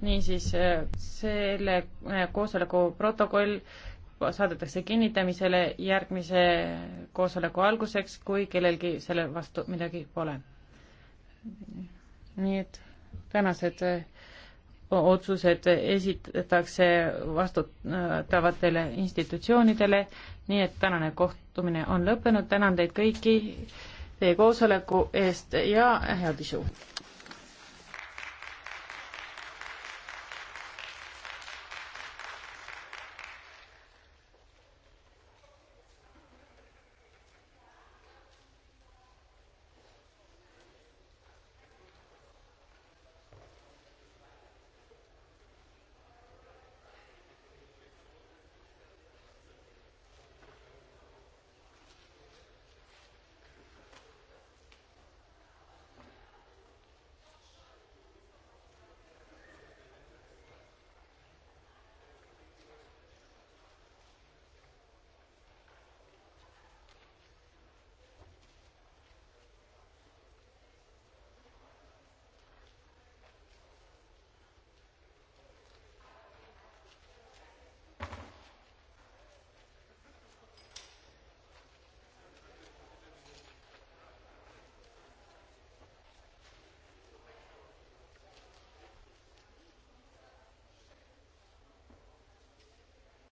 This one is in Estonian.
niisiis, äh, selle äh, koosoleku protokoll saadetakse kinnitamisele järgmise koosoleku alguseks, kui kellelgi selle vastu midagi pole. nii et tänased äh, otsused esitatakse vastutavatele institutsioonidele, nii et tänane kohtumine on lõppenud, tänan teid kõiki teie koosoleku eest ja head isu!